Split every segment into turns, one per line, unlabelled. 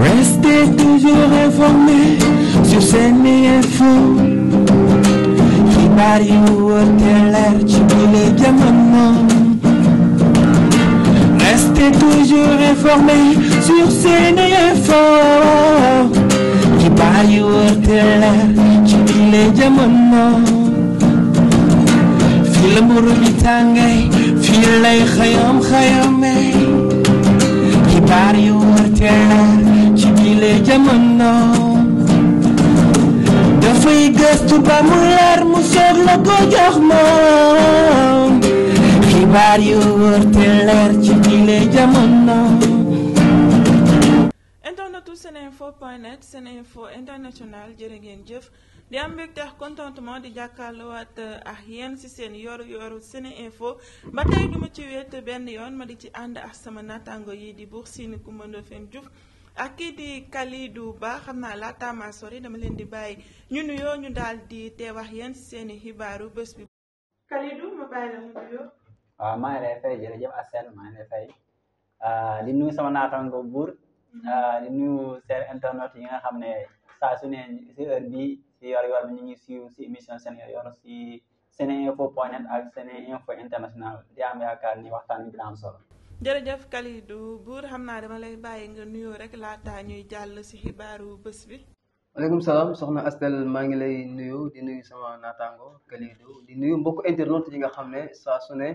Restez toujours informés sur SeneInfo. xibaar yi ci bile jamono. Restez toujours informés sur SeneInfo. xibaar yi ci bile jamono. fii la mburu bi tàngee fii lay xayam xayame xibaar yile dafay gëstu ba mu leer mu soog la ko jox moom xibaar yu wër leer ci yile jamono.
internetu seneinfo point net seneinfo international jërë ngeen jëf di am mbégte ak contentement di jàkkaarloowaat eh, ak yenn ci seen yoru yoru seneinfo ba tey duma ci wet benn yoon ma di ci ànd ak sama naataango yi di buur siini Kumba Ndoffène Diouf ak kii di Kalidou Ba xam naa laata ma sori dama leen di bàyyi ñu nuyoo ñu daal di teewax yéen seeni xibaaru bés bi. Kalidou ma bàyyi la mu nuyoo. waaw ah, maa ngi lay fay jërëjëf
Asel maa ngi lay fay ah, di nuyu sama naataango buur mhm. ah, di nuyu seen internet yi nga xam ne saa su ne si heure bii si yor yor bi ñu ngi suivre si seen yor yor si seneinfo point net ak international di am yaakaar ni waxtaan bi dina am solo.
jërëjëf Kalidou Buur xam naa dama lay bàyyi nga nuyoo rek laata ñuy jàll ci xibaaru bés bi.
maaleykum salaam soxna Astel maa ngi lay nuyu di nuyu sama naataango Kalidou di nuyu mbokku internet yi nga xam ne saa su ne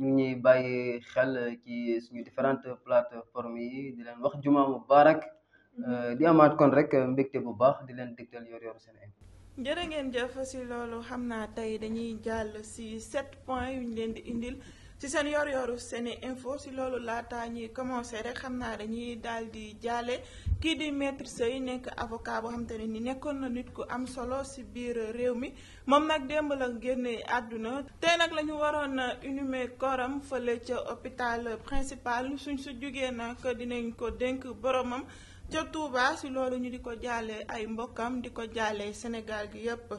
ñu ngi ñuy bàyyi xel ci suñu différentes plateformes di leen wax juma mubarak mm-hmm. di amaat kon rek mbégte bu baax di leen digtal yor yor seen info.
jërë ngeen jëf ci loolu xam naa tey dañuy jàll ci sept points yu ñu leen di indil. ci seen yor-yoru Sene Info si loolu laata ñuy commencé rek xam naa dañuy daal di jaale kii di maître Seye nekk avocat boo xam te ni nekkoon na nit ku am solo si biir réew mi moom nag démb la génne àdduna tey nag la ñu waroon inhumé koram fële ca hôpital principal suñ su jugee nag dinañ ko dénk boromam. ca tuubaa si loolu ñu di ko jaale ay mbokkam di ko jaale Sénégal gi yépp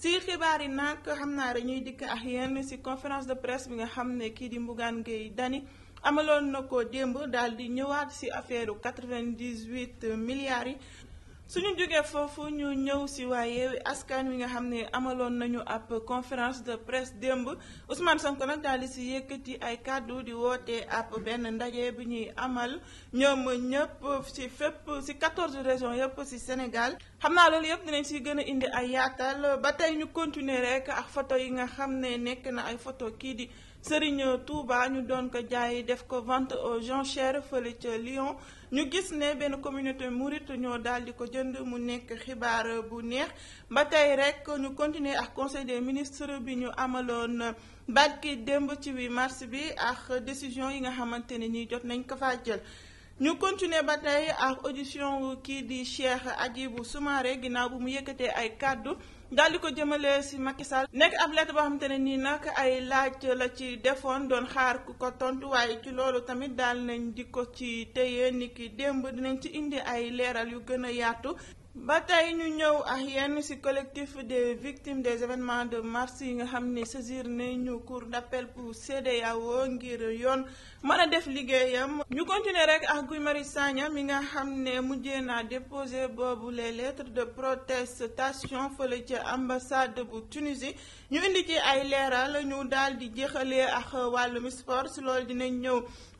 si xibaar yi nag xam naa dañuy dikk ak yenn si conférence de presse bi nga xam ne kii di Bougane Gueye dani amaloon na ko démb daal di ñëwaat si affaire 98 milliards yi. suñu jógee foofu ñu ñëw si waaye askan wi nga xam ne amaloon nañu ab conférence de presse démb Ousmane Sonko nag daal di si yëkkati ay kàddu di woote ab benn ndaje bi ñuy amal ñoom ñëpp si fépp si 14 régions yëpp si Sénégal xam naa loolu yëpp dinañ si gën a indi ay yaatal ba tey ñu continuer rek ak foto yi nga xam ne nekk na ay photo kii di. Serigne Touba ñu doon ko jaay def ko vente aux enchères fële ca Lyon ñu gis ne benn communauté mouride ñoo daal di ko jënd mu nekk xibaar bu neex ba tey rek ñu continuer ak conseil des ministres bi ñu amaloon barki démb ci 8 mars bi ak décision yi nga xamante ne nii jot nañ ko faa jël. ñu continuer ba tey ak audition kii di Cheikh Hadjibou Soumaré ginnaaw bu mu yëkkatee ay kàddu. daal di ko jëmalee si Macky Sall nekk ab lettre boo xamante ne nii nag ay laaj la ci defoon doon xaar ku ko tontu waaye ci loolu tamit daal nañ di ko ci téye ni ki démb dinañ ci indi ay leeral yu gën a yaatu. ba tey ñu ñëw ak yenn ci collectif de victimes des événements de mars yi nga xam ne saisir nañu cour d'appel pour CEDEAO ngir yoon. mën a def liggéeyam ñu continuer rek ak Guy Marius Sagna mi nga xam ne mujjee naa déposé boobu les lettres de protestation fële ca ambassade bu Tunisie ñu indi ci ay leeral ñu daal di jeexalee ak wàllum sport si loolu dinañ ñëw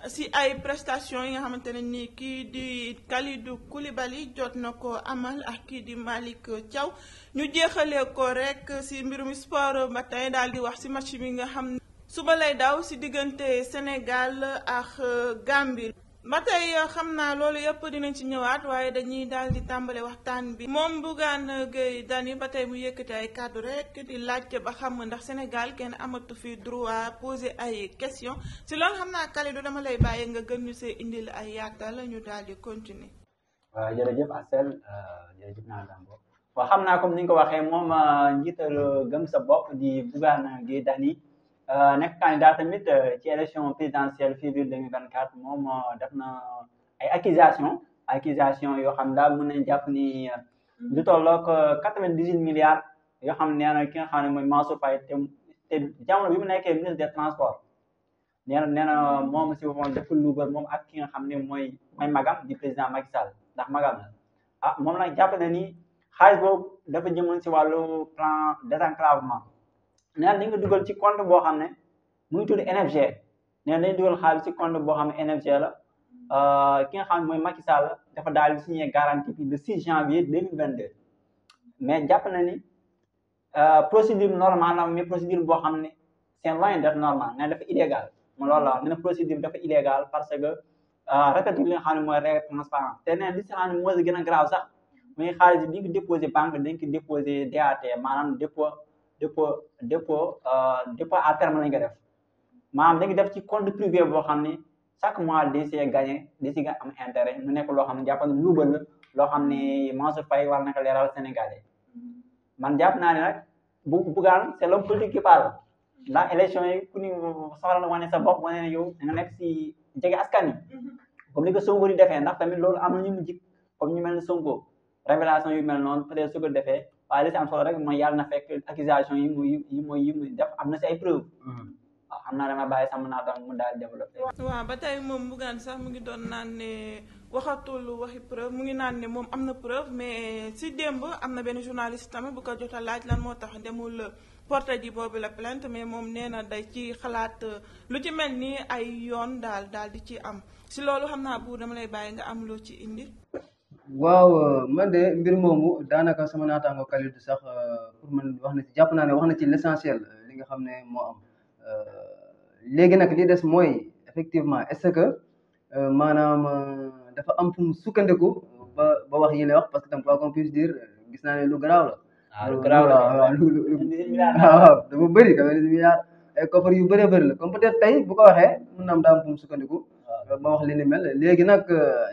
si ay prestations yi nga xamante ne ni kii di Kalidou Koulibaly jot na ko amal ak kii di Malick Thiaw ñu jeexalee ko rek si mbirum sport ba tey daal di wax si match bi nga xam suba lay daw si diggante Sénégal ak euh, Gambie. ba tey euh, xam naa loolu yëpp dinañ ci ñëwaat waaye dañuy daal di tàmbali waxtaan bi moom Bougane Gueye Dany ba tey mu yëkkati ay kàddu rek di laajte ba xam ndax Sénégal kenn amatu fi droit poser ay question si loolu xam naa Kalidou dama lay bàyyi nga gën ñu see indil ay yaatal ñu daal di continuer.
waaw jërëjëf Asel euh, jërëjëf naa Dambo waaw xam naa comme ni nga ko waxee moom njiital gën sa bopp di Bougane Gueye Dany nekk candidat tamit ci élection présidentielle février 2024 moom def na ay accusation accusation yoo xam daal mën na jàpp ni lu tolloog quatre-vingt-dix-huit milliards yoo xam nee na ki nga xam ne mooy Mansour Faye te jamono bi mu nekkee ministre de transports nee na nee na moom si boppam def lu moom ak ki nga xam ne mooy mooy magam di président Macky Sall ndax magam la ah moom nag jàpp na ni xaalis boobu dafa jëmoon si wàllu plan désenclavement neen nañ dugal ci compte boo xam ne mu ngi tudd NFG neen nañ dugal xaalis ci compte boo xam ne NFG la euh, ki nga xam ne mooy Macky Sall dafa daal di signé garantie bi le 6 janvier 2022 mais jàpp na ni euh, procédure normale la mais procédure boo xam ne seen loin d'être normal ne dafa illégal mu loolu la dafa illégal parce que euh, rafetlu li nga xam ne mooy règle transparence neen li si xam ne moo si gën a grave sax muy xaalis bi ñu ko déposé banque dañ ko déposé DAT maanaam dépôt dépôt dépôt euh, dépôt à terme lañ ko def maanaam dañu def ci compte privé boo xam ne chaque mois di see gagné di si nga am intérêt mu nekk loo xam ne jàpp na luubal la loo xam ni Mansour Faye war na ko leeral Sénégalais man jàpp naa ne nag bu bugaan c'est l'homme politique qui parle ndax élection yi ku ni soxla na wane sa bopp wane ne yow da nekk si jege askan yi comme ni ko Sonko di defee ndax tamit loolu am na ñu mu jik comme ñu mel ne Sonko révélation yu mel noonu peut-être su ko defee waaye li si solo rek mooy yàlla na fekk accusation yi muy yi mooy yi muy def am na si ay preuve hmm. waaw xam naa dama bàyyi sama naatam mu daal développé
waaw ba tey moom Bougane sax mu ngi doon naan ne waxatul waxi preuve mu ngi naan ne moom am na preuve mais si démb am na benn journaliste tamit bu ko jot laaj lan moo tax demul porté ji boobu la plainte mais moom nee na day ci xalaat lu ci mel ni ay yoon daal daal di ci am si loolu xam naa bu dama lay bàyyi nga am loo ci indi
waaw man de mbir moomu daanaka sama naataango Kalidou sax pour man wax na ci jàpp naa ne wax na ci l'essentiel li nga xam ne moo am léegi nag li des mooy effectivement est-ce que maanaam dafa am fu sukkandiku ba ba wax yi lay wax parce que tam quoi qu'on puisse gis naa ne lu garaaw la. ah bëri dafa milliard ay yu bëree bëri la comme être tey bu ko waxee mën na am daa am sukkandiku. ba wax li ni mel léegi nag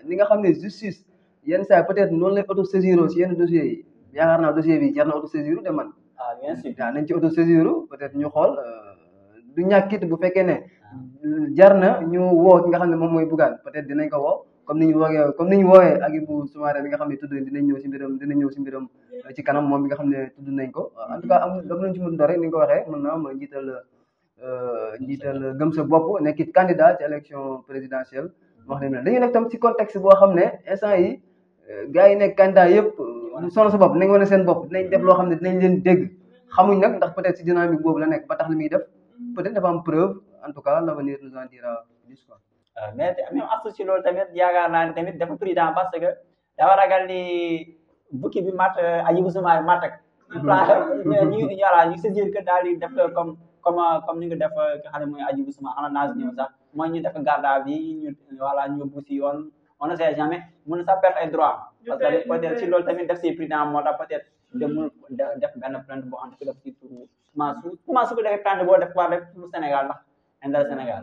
ni nga xam ne justice. yenn saa peut être noonu lay auto saisir si yenn dossiers yi yaakaar naa dossier bi jar na auto saisir de man. Ah, nañ ci auto saisir peut être ñu xool euh, du ñàkkit bu fekkee ne ah. jar na ñu woo ki nga xam ne moom mooy bugaan peut être dinañ ko woo comme ni ñu woowee comme ni ñu woowee ak Ibou Soumaré bi nga xam ne tudd dinañ ñëw si mbiram dinañ ñëw si moom bi nga xam ne tudd nañ ko en tout cas am daf nañ ci mën dore ni nga ko waxee mën naa njiital euh, njiital gëm sa bopp nekkit candidat ci élection présidentielle wax nañ dañu nekk tam si contexte boo xam ne gars yi nekk candidat yëpp sono sa bopp nañ wane seen bopp dinañ def loo xam ne dinañ leen dégg xamuñ nag ndax peut-être si dynamique boobu la nekk ba tax li muy def peut-être dafa preuve en tout cas l'avenir nous en dira
plus ah, mais même astu si loolu yaakaar naa ne tamit dafa prudent parce que dafa ragal ni bukki bi mat Hadjibou euh, Soumaré mat ak mm-hmm. ñu voilà ñu saisir que daal di def comme comme euh, comme ni nga def euh, nga xam ne mooy Hadjibou Soumaré Anana ñëw sax mooy ñu def garda bi ñu voilà ñu yóbbu si yoon on ne sait jamais mun na sax perte ay droit parce que peut être si loolu tamit def si président moo tax peut être de mun def benn plainte boo xam ne def si pour Mansour Mansour bu defee plainte boo def quoi rek pour Sénégal ndax indal Sénégal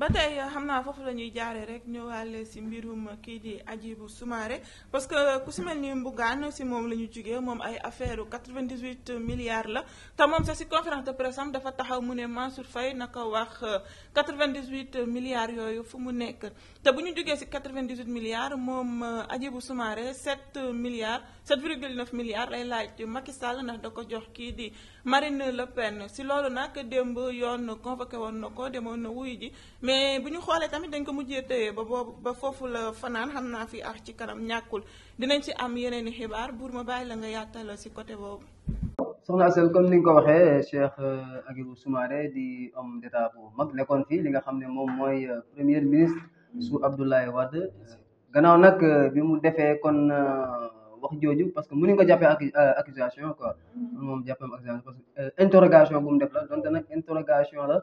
ba tey xam naa foofu la ñuy jaaree rek ñëwaale si mbirum kii di Hadjibou Soumaré parce que ku si mel ni Bougane si moom la ñu jugee moom ay affaire 98 milliards la te moom sax si conférence de presse dafa taxaw mu ne Mansour Faye na ko wax 98 milliards yooyu fu mu nekk te bu ñu jugee si 98 milliards moom Hadjibou Soumaré 7 milliards 7,9 milliards lay laaj Macky Sall ndax da ko jox kii di Marine Le Pen si loolu nag démb yoon convoqué woon na ko demoon na wuyu ji. mais bu ñu xoolee tamit dañ ko mujjee tëye ba boobu ba foofu la fanaan xam naa fi ak ci kanam ñàkkul dinañ ci am yeneen i xibaar buur ma bàyyi la nga yaatal si côté boobu.
soxna Asel comme ni nga ko waxee Cheikh euh, Agibou Soumaré di homme d'état bu mag nekkoon fii li nga xam ne moom mooy euh, premier ministre su Abdoulaye Wade gannaaw nag euh, bi mu defee kon wax jooju parce que mu mënuñ ko jàppee accu accusation quoi mm-hmm. moom jàppam accusation parce que interrogation bu mu def la.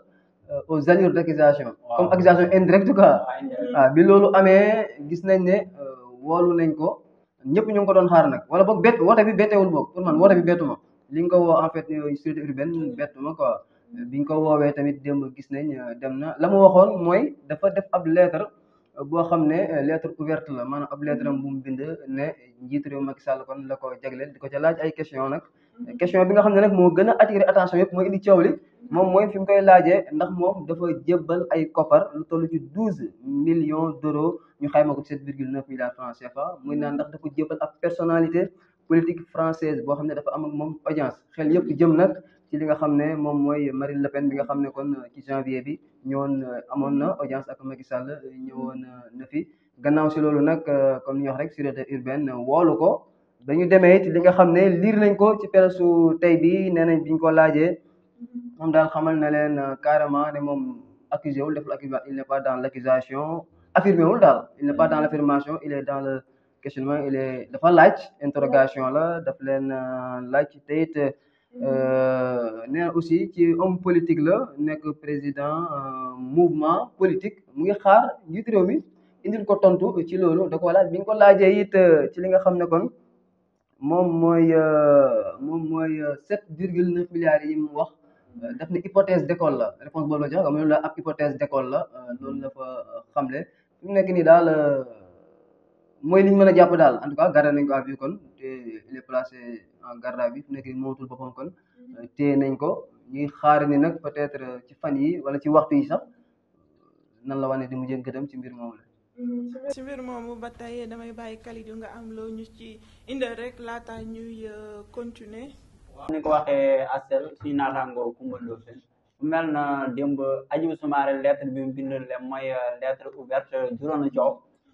Euh, aux allures d'accusation comme accusation indirecte quoi waaw ah, ah, bi loolu amee gis nañ ne euh, woolu nañ ko ñëpp ñu ngi ko doon xaar nag wala boog bett woote bi bettewul boog pour man woote bi bettu ma li nga ko woo en fait euh, sécurité urbaine bettu ma quoi biñ ko woowee tamit démb gis nañ dem na la mu waxoon mooy dafa def ab lettre boo xam ne lettre ouverte la maanaam ab lettre am bu mu bind ne njiitu réew Macky Sall kon la ko jagleel di ko ca laaj ay question nag question bi nga xam ne rek moo gën a attiré attention yëpp mooy indi coow li moom mooy fi koy laajee ndax moom dafa jébbal ay koppar lu toll ci douze millions d'euros ñu xayma ko sept virgule neuf milliards francs CFA muy naan ndax dafa jébbal ab personnalité politique française boo xam ne dafa am ak moom audience xel yëpp jëm nag ci li nga xam ne moom mooy Marine Le Pen bi nga xam ne kon ci janvier bi ñëwoon amoon na audience ak Macky Sall ñëwoon na fi gannaaw si loolu nag euh, comme nu ñu wax rek sûreté urbaine euh, woolu ko ba ñu demee it li nga xam ne liir nañ ko ci peresu tey bi nee nañ biñ ko laajee moom daal xamal na leen euh, carrément ne moom accusé wul deful accusé il n'est pas dans l'accusation affirmé wul daal il n'est pas dans l'affirmation il est dans le questionnement il dafa laaj interrogation la daf leen euh, laaj te it euh, nee aussi ci homme politique la nekk président mouvement politique mu ngi xaar njiit réew mi indil ko tontu ci loolu da ko bi biñ ko laajee it ci li nga xam ne kon moom mooy euh, moom mooy euh, sept virgule neuf milliards yi mu wax euh, daf ne hypothèse d'école la réponse boobu la jox am la ab hypothèse d'école la loolu la fa xamle fi mu nekk nii daal mooy li ñu mën a jàpp daal en tout cas garde nañ ko à vue kon te il est placé en garde à vue nañ ko ñuy xaar ni nag peut-être ci fan yi wala ci waxtu yi sax nan la wane di mu jëng gëtam ci mbir moomu la
Mhm. ci mbir moomu ba tey damay bàyyi Kalidou nga am loo ñu ci indal rek laata ñuy euh, continuer. waaw ni
ko waxee Asel suñu naataangoo Coumba Ndoffène mel na démb Hadjibou Soumaré lettre bi mu bind leen mooy euh, lettre ouverte juróom na coow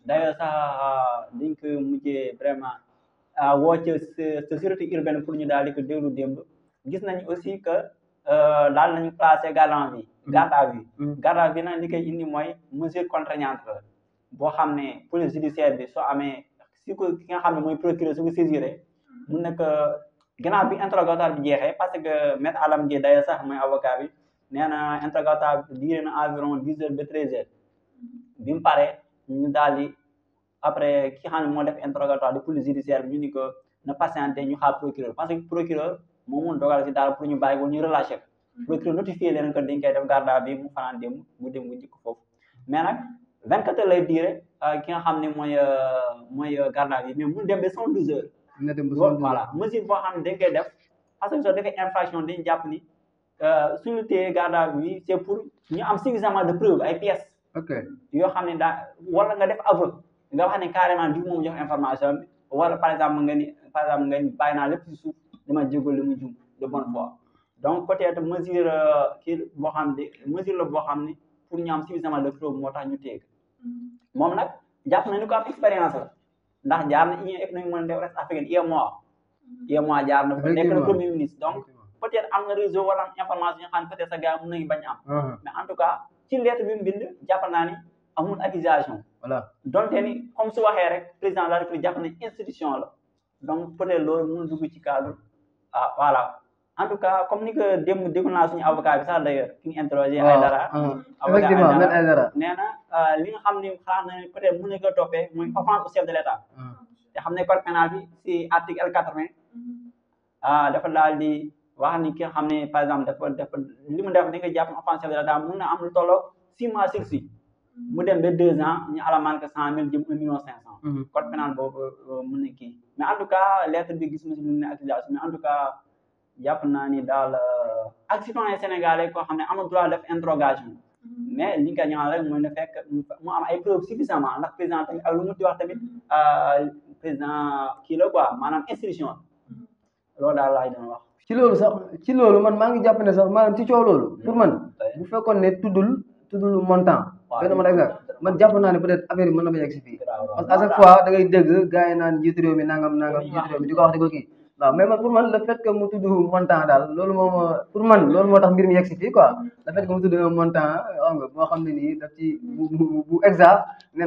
d'ailleurs sax euh, dañ ko mujjee vraiment woo ci sécurité urbaine pour ñu daal di ko déglu démb gis nañ aussi que daal nañu placé garde à vue garde à vue garde à vue koy indi mooy mesure contraignante boo xam ne police judiciaire bi soo amee si ko ki nga xam ne mooy procureur su ko saisiré mun na ko euh, gannaaw bi interrogatoire bi jeexee parce que maître Alam Dieng d'ailleurs sax mooy avocat bi nee na interrogatoire bi diire na environ dix heures ba treize heures bi mu paree ñu daal di après ki xam ne moo def interrogatoire de police judiciaire bi ñu ni ko na patienté ñu xaar procureur parce que procureur moo mun dogal si daal pour ñu bàyyi ko ñu relâché ko mm-hmm. procureur notifié leen que dañ koy def garde à vue dem mu jikko foofu mais vingt-quatre heures lay diire euh, ki nga xam ne mooy euh, mooy euh, garde à vue mais mun dem ba cent douze heures na dem ba cent douze heures voilà mesure boo xam ne dañ koy def parce que soo defee infraction dañ jàpp ni suñu téye garde à vue c'est pour ñu am suffisamment de preuve ay pièces ok yoo xam ne daa wala nga def aveu nga wax ne carrément di moom jox information bi wala par exemple nga ni par exemple nga ni bàyyi naa lépp ci suuf dama jégal li mu jum de bonne foi donc peut-être mesure kii boo xam ne mesure la boo xam ne pour ñu am suffisamment de preuve moo tax ñu téye moom nag jàpp nañu ko am expérience la ndax jaar na Union économique de l'Ouest africaine UEMOA UEMOA jaar na fa nekk na premier ministre donc peut-être am na réseau wala information yi nga xam ne peut-être sa gars mën nañu bañ am ah, ah. mais en tout cas ci lettre bi mu bind jàpp naa ni amul accusation voilà donte ni comme su waxee rek président de la République jàpp na institution la donc peut-être loolu mënul dugg ci cadre ah voilà en tout cas comme ni ko démb déglu naa suñu avocat bi sax ah, na euh, li nga xam ni xaar na peut être mën nañu ko toppee muy chef de l' ah. te xam ne code pénal bi si article L quatre vingt mhm. ah dafa daal di wax ni ki nga xam ne par exemple dafa dafa li mu def ni nga jàpp offense chef de l' état mën na am lu tolloo six mois sursis mu dem ba deux ans ñu alamaan ko cent mille jëm un million mhm. euh, kii mais en tout cas lettre bi gis na si lu ne accusation mais en tout cas jàpp naa ni daal euh, ak citoyen sénégalais koo xam ne amul droit def interrogation
mhm. mais
li nga ko ñaan rek mooy ne fekk mu am ay preuve suffisamment ndax président tamit ak lu mu di wax tamit mhm. euh, président kii la quoi maanaam institution mhm. loolu daal laay doon wax.
ci loolu sax ci loolu man maa ngi jàpp ne sax maanaam ci coow loolu. pour man bu fekkoon ne tuddul tuddul montant. waaw benn man exact man jàpp naa ne peut-être affaire yi na ma yegg si fii. parce que à chaque fois da ngay nangam nangam njiitu di ko wax di ko kii. waaw mais man pour man le mu tudd montant daal loolu moom pour man loolu moo tax mbir mi yegg si fii quoi le fait que mu montant xam nga boo xam ne nii daf ci bu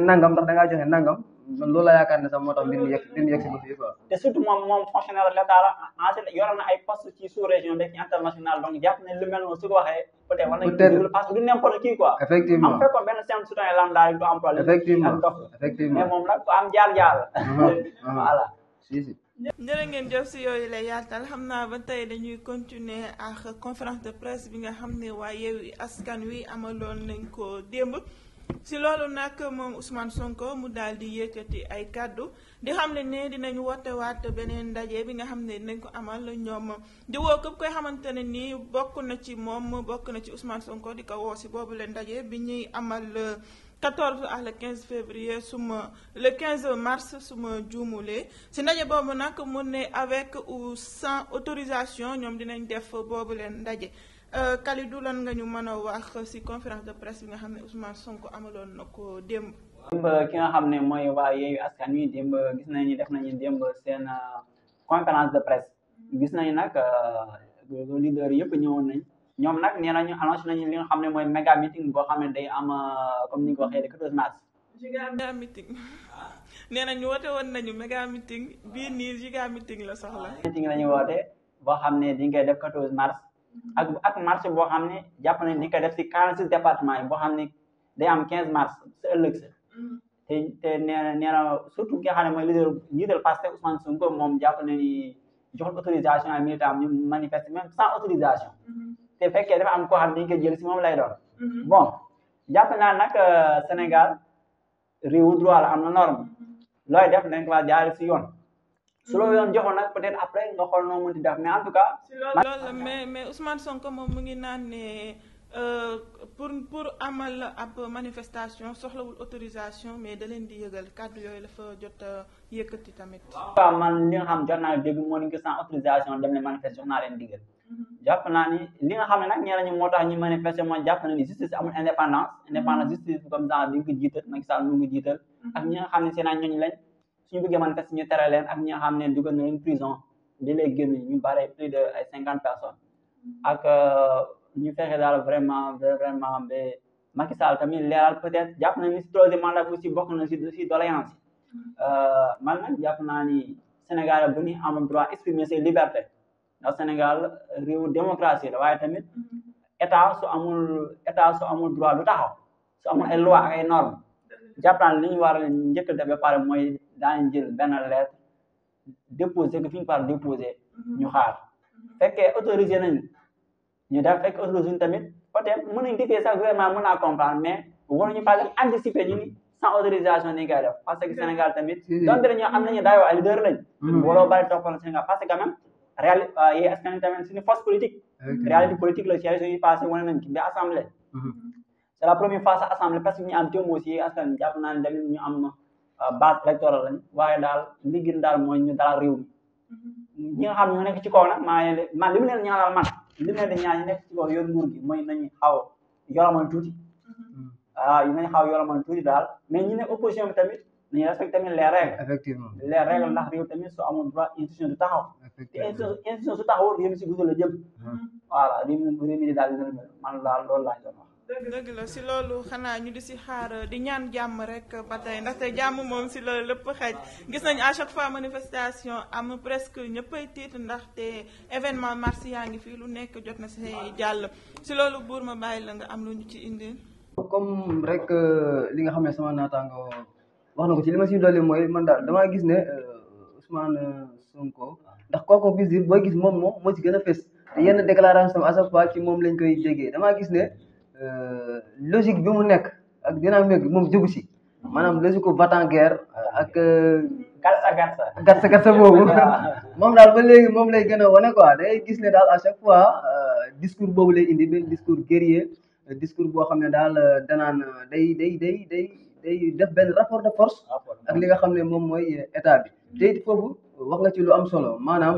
nangam ndax da joxe nangam man loolu la yaakaar ne sax moo tax mbir mi yegg fii
quoi. te surtout moom moom fonctionnaire l'État la en yoroon na ay post ci sous région de ci international donc jàpp ne lu mel noonu su ko waxee. peut-être war nañu parce que du n'importe qui quoi. effectivement am fekkoon effectivement effectivement
mais
jërë ngeen jëf si yooyu lay yaatal xam naa ba tey dañuy continuer ak conférence de presse bi nga xam ne waaye Yewwi Askan Wi amaloon nañ ko démb si loolu nag moom Ousmane Sonko mu daal di yëkkati ay kàddu di xam ne ne dinañu woote beneen ndaje bi nga xam ne nañ ko amal ñoom di woo képp koy xamante ne nii bokk na ci moom bokk na ci Ousmane Sonko di ko woo si boobu leen ndaje bi ñuy amal. 14 ak le 15 février su ma le 15 mars su ma juumulee si ndaje boobu nag mu ne avec ou sans autorisation ñoom dinañ def boobu leen ndaje euh, Kalidou lan nga ñu mën a wax si conférence de presse bi nga xam ne Ousmane sonk amaloon na ko démb.
démb ki nga xam ne mooy waa Yewwi Askan Wi démb gis nañu def nañu démb seen euh, conférence de presse gis nañu nag euh, leader yëpp ñëwoon nañ. ñoom nag nee nañu annoncé nañu li nga xam ne mooy méga meeting boo xam ne day am euh, comme ni ko waxee le 14 mars.
giga meeting nee nañu woote woon nañu méga meeting bii nii giga meeting la soxla. meeting la ñu woote
boo xam ne di nga koy def 14 mars ak ak marché boo xam ne jàpp nañu di koy def si 46 département boo xam ne day am 15 mars ëllëg sa. te te nee na surtout ki nga xam ne mooy leader njiital Pastef Ousmane Sonko moom jàpp na ni joxul autorisation ay militants ñu manifester sans autorisation. Mm-hmm. te fekkee dafa am ko xam ne dañu koy jël si moom lay doon. bon jàpp naa nag Sénégal réewu droit la am na norme looy def nañ ko jaar si yoon. su loolu yoon joxoon nag peut après nga xool noo mënti def mais en tout cas. mais mais
Sonko moom mu ngi naan ne. Euh, pour pour amal ab manifestation soxlawul autorisation mais da leen di yëgal kàddu yooyu la fa jot yëkkati tamit.
waaw man li nga xam jot naa dégg moo ni sans autorisation dem ne manifester jox naa leen digal. Mhm. jàpp naa ni li nga xam ne nag ñeneen moo tax ñu manifester mooy jàpp na ni justice amul indépendance mhm. indépendance justice comme ça dañ jiital mu ngi jiital. Mhm. ak ñi nga xam ne seen ñooñu lañ suñu bëggee manifester ñu tere leen ak ñi nga xam ne dugal na leen prison di ñu bare plus de ay ñu fexe daal vraiment vraiment ba Macky Sall tamit leeral peut-être jàpp nañu ni si troisième mandat bi aussi bokk na si si doléance man nag jàpp naa ni Sénégal bu ñu am droit exprimer ses libertés ndax Sénégal réewu démocratie la waaye tamit état su amul état su amul droit du taxaw su amul ay mm. loi ak ay normes jàpp mm. naa li ñu war a njëkk a def pare mooy daañu jël benn lettre déposer que fi ñu par déposer ñu mm. xaar fekkee autorisé nañu ñu def fekk aujourd'hui tamit peut-être mën nañu dikkee sax vraiment mën naa comprendre mais waruñu par exemple ñu ni sans autorisation ni koy def parce que Sénégal tamit donte ne ñoo am nañu daayoo ay leader lañ waloo bari toppal Sénégal parce que quand même réali yi askan wi tamit suñu force politique réalité politique la ci élection yi passé wane nañ ci bi assemblée c'est la première fois sax assemblée que ñu am témoin aussi askan jàpp naa ne tamit ñu am base électorale waaye daal li gën daal mooy ñu daal réew mi ñi nga nekk ci kaw nag maa man li ne de ñaan ñi ci kaw yor nguur gi mooy nañu xaw yoromal tuuti waaw yi nañu xaw yoromal tuuti daal mais ñi ne opposition bi tamit nañu respecté tamit les règles effectivement les règles ndax réew tamit su amoon droit institution du taxaw te institution su taxawul réew mi si gudd la jëm mm-hmm. voilà réew mi réew mi daal dina man daal loolu laa doon
dëgg la si loolu xanaa ñu di si xaar di ñaan jàmm rek ba tey ndaxte jàmm moom si loolu lépp xaj gis nañu à chaque fois manifestation am presque ñëppay tiit te événement mars yaa ngi fii lu nekk jot na si jàll si loolu buur ma bàyyi la nga am lu ñu ci indi.
comme rek euh, li nga xam ne sama naataango wax na ko ci li ma si dolli mooy man daal damaa gis ne euh, Ousmane euh, Sonko ndax kooku bis bi booy gis moom moom moo ci gën a fës te yenn déclaration à chaque ci moom lañ koy déggee damaa gis logique bi mu nekk ak dynamique bi moom jógu si maanaam logique gu guerre ak. Euh, garsa garsa garsa garsa boobu moom daal ba léegi moom lay gën a wane quoi day gis ne daal à chaque fois euh, discours boobu lay indi benn discours guerrier discours boo xam ne daal euh, danaan day day day day def benn rapport de force ak li nga xam ne moom mooy état bi te it foofu wax nga ci lu am solo maanaam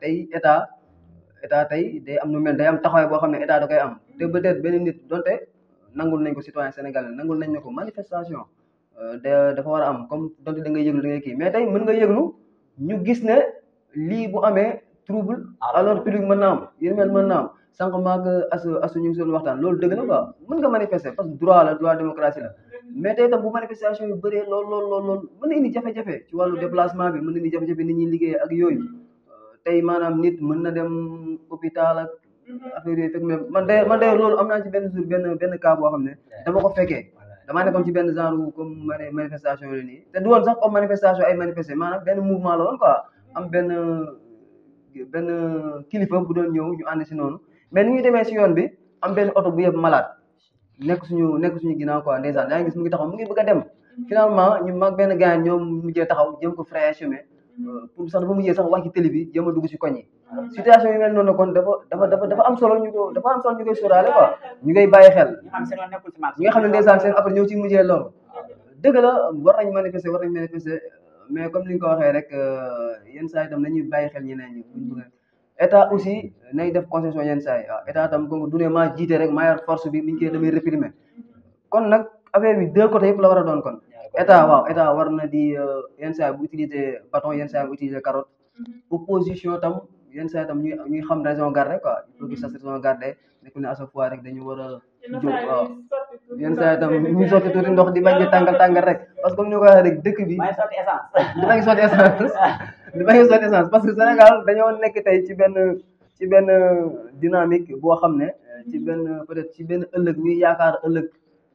tey état état tey day am nu mel day am taxawaay boo xam ne état da koy am te peut-être benn nit donte nangul nañ ko citoyen sénégalais nangul nañ ne ko manifestation euh, dafa war a am comme donte da ngay yëglu da ngay kii mais tey mën nga yëglu ñu gis ne lii bu amee trouble à l'ordre public mën naa am yéen mel mën naa am sànq maag asu asu ñu ngi soon waxtaan loolu dëgg na quoi mën nga manifester parce que droit la droit démocratie la mais tey tam bu manifestation yu bëree lool lool lool lool mën na indi jafe-jafe ci wàllu déplacement bi mën na indi jafe-jafe ni ñu liggéey ak yooyu euh, tey maanaam nit mën na dem hôpital ak affaire yooyu teg même man day man day loolu am naa ci benn jour benn benn cas boo ne dama ko fekkee damaa nekkoon ci benn genre comme ma manifestation yooyu nii te du woon sax comme manifestation ay manifesté maanaam benn mouvement la woon quoi am benn benn kilifa bu doon ñëw ñu ànd si noonu mais ni ñuy demee si yoon bi am benn oto bu yëpp malade nekk suñu nekk suñu ginnaaw quoi ndeysaan yaa ngi gis mu ngi taxaw mu ngi bëgg a dem mm-hmm. finalement ñu mag benn gars ñoom mujjee taxaw jëm ko fraye chemin Euh, pour sax dafa mujjee sax wax ci télé bi a dugg si koñ yi situation yi mel noonu kon dafa dafa dafa dafa am solo ñu ko dafa am ñu koy sóoraale quoi ñu koy bàyyi xel ñi
nga
xam ne ndeysaan seen après ñëw ci mujjee loolu dëgg la mais comme ni nga ko waxee rek euh, yenn saa yi tam nañuy bàyyi xel ñeneen ñi buñ aussi nay def concession yenn saa yi waaw état tam kon du ne jiite rek maa yor force bi mi ñu damay réprimer kon nag affaire bi deux côtés yëpp la war a doon kon état waaw état war di euh, yenn saa bu utiliser bâton yenn saa bu utiliser carotte mhm. opposition tam yenn saa tam ñuy xam raison garder quoi il faut garder nekk na à chaque fois rek dañu war a jóg waaw yenn saa tam ñuy sotti tuuti ndox di bañ a tàngal tàngal rek parce que comme ni ko waxee rek dëkk bi dafay sotti essence dafay sotti essence parce que Sénégal dañoo nekk tey ci ben ci benn dynamique boo xam ne ci benn peut-être ci benn ëllëg ñuy yaakaar ëllëg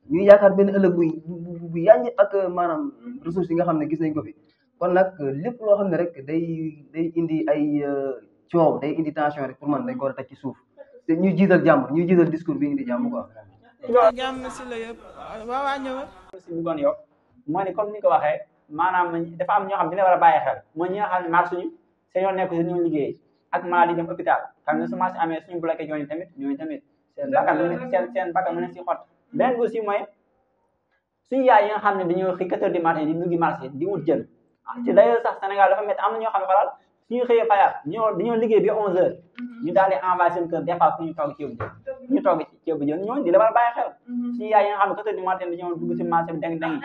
ñuy yaakaar benn ëllëg bu bu bu yàññi ak euh, maanaam ressources yi nga xam ne gis nañ ko fi kon nag euh, lépp loo xam ne rek day day indi ay euh, coow day indi tension rek pour man dañ ko war a teg ci suuf te ñuy jiital jàmm ñuy jiital discours bi indi jàmm quoi.
jàmm si la yëpp waaw waaw ne comme ni ko waxee maanaam dafa am ñoo xam ne dina bàyyi xel mooy ñi nga xam ne marché ñu seen yoon nekk si ñu liggéey ak maa li dem hôpital xam ne su marché amee suñu bloqué ñooñu tamit ñooñu tamit seen bakkan seen seen si xott beneen bi aussi mooy yaay yi nga xam ne dañoo xëy 4 heures du matin di duggi marché di wut jën ah ci d'ailleurs sax Sénégal dafa métti am na ñoo xam ne xalaat suñu xëyee ñoo dañoo liggéey bi 11 heures mhm. ñu daal di envoyé seen kër des fois fu ñu togg ceebu jën ñu togg a bàyyi xel mhm. yaay yi nga xam ne 4 heures dañoo dugg si marché deng deng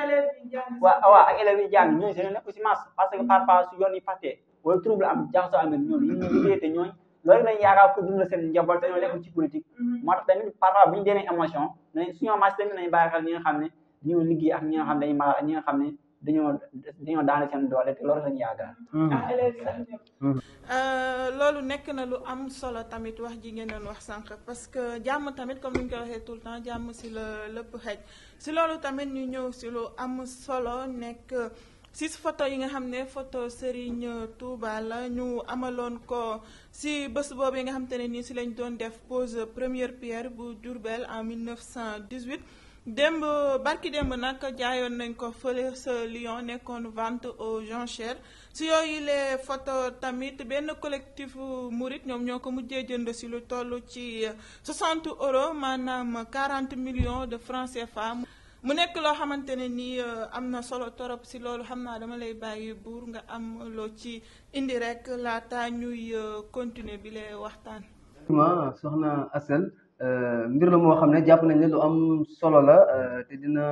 waaw waaw ak élèves yi jàng ñooñu seen nekk si marché parce que mhm. parfois su yoon yi fàttee wala trouble am jaxasoo amee ñooñu ñu liggéey te ñooñu loolu nañ yaakaar pour dund seen njaboot te ñoo mhm. ñi nga xam ne dañoo liggéey ak ñi nga xam ne dañu maal ak ñi nga xam ne dañoo doole te loolu lañ yaakaar mhm. ah, mhm.
euh, nekk na lu am solo tamit wax ji ngeen doon wax sànq parce que jàmm tamit comme ni ñu ko waxee tout le temps jàmm si la lépp xej si loolu tamit ñu ñëw si lu am solo nekk six photo yi nga xam ne photo Serigne Touba la ñu amaloon ko si bés boobu yi nga xam te ne nii si lañ doon def pose première pierre bu Diourbel en 1918 démb barki démb nag jaayoon nañ ko fële sa Lyon nekkoon vente aux enchères si yooyu les photo tamit benn collectif Mouride ñoom ñoo ko mujjee jënd si lu toll ci 60 euros maanaam 40 millions de francs CFA. mu nekk loo xamante ne nii euh, am na solo torop si loolu xam naa dama lay bàyyi buur nga am loo ci indi rek laata ñuy euh, continuer bi lay waxtaan.
waaw
soxna Asel euh, mbir la moo xam ne jàpp nañ ne lu am solo la te dina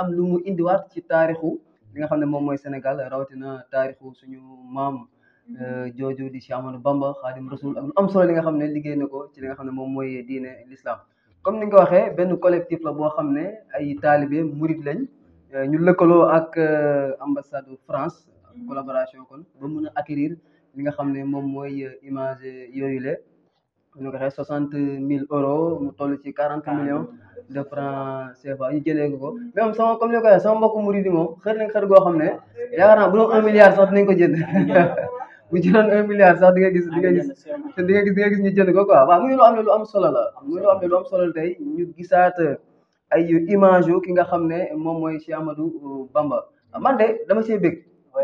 am lu mu indiwaat ci taarixu li nga xam ne moom mooy Sénégal rawatina taarixu suñu maam. Mhm. jooju di Cheikh Amadou Bamba Xaadim Rasul ak am solo li nga xam ne liggéey ko ci li nga xam ne moom mooy diine l'islam comme ni nga ko waxee benn collectif la boo xam ne ay taalibe murid lañ ñu lëkkaloo ak euh, ambassade France collaboration kon ba mun a acquérir li nga xam ne moom mooy euh, image yooyu la ñu ko soixante mille euros mu toll ci quarante millions de francs CFA ñu jëlee ko ko mais sama comme ni ko waxee sama mbokku murid yi moom xër nañ xam ne yaakaar naa bu un milliard sax dinañ ko jënd bu jëloon un milliard sax di nga gis di nga gis te di nga gis di nga gis ñu jënd ko quoi waaw muy lu am ne am solo la muy lu am ne am solo la tey ñu gisaat ay image yu ki nga xam ne moom mooy Cheikh Amadou Bamba man de dama see bëgg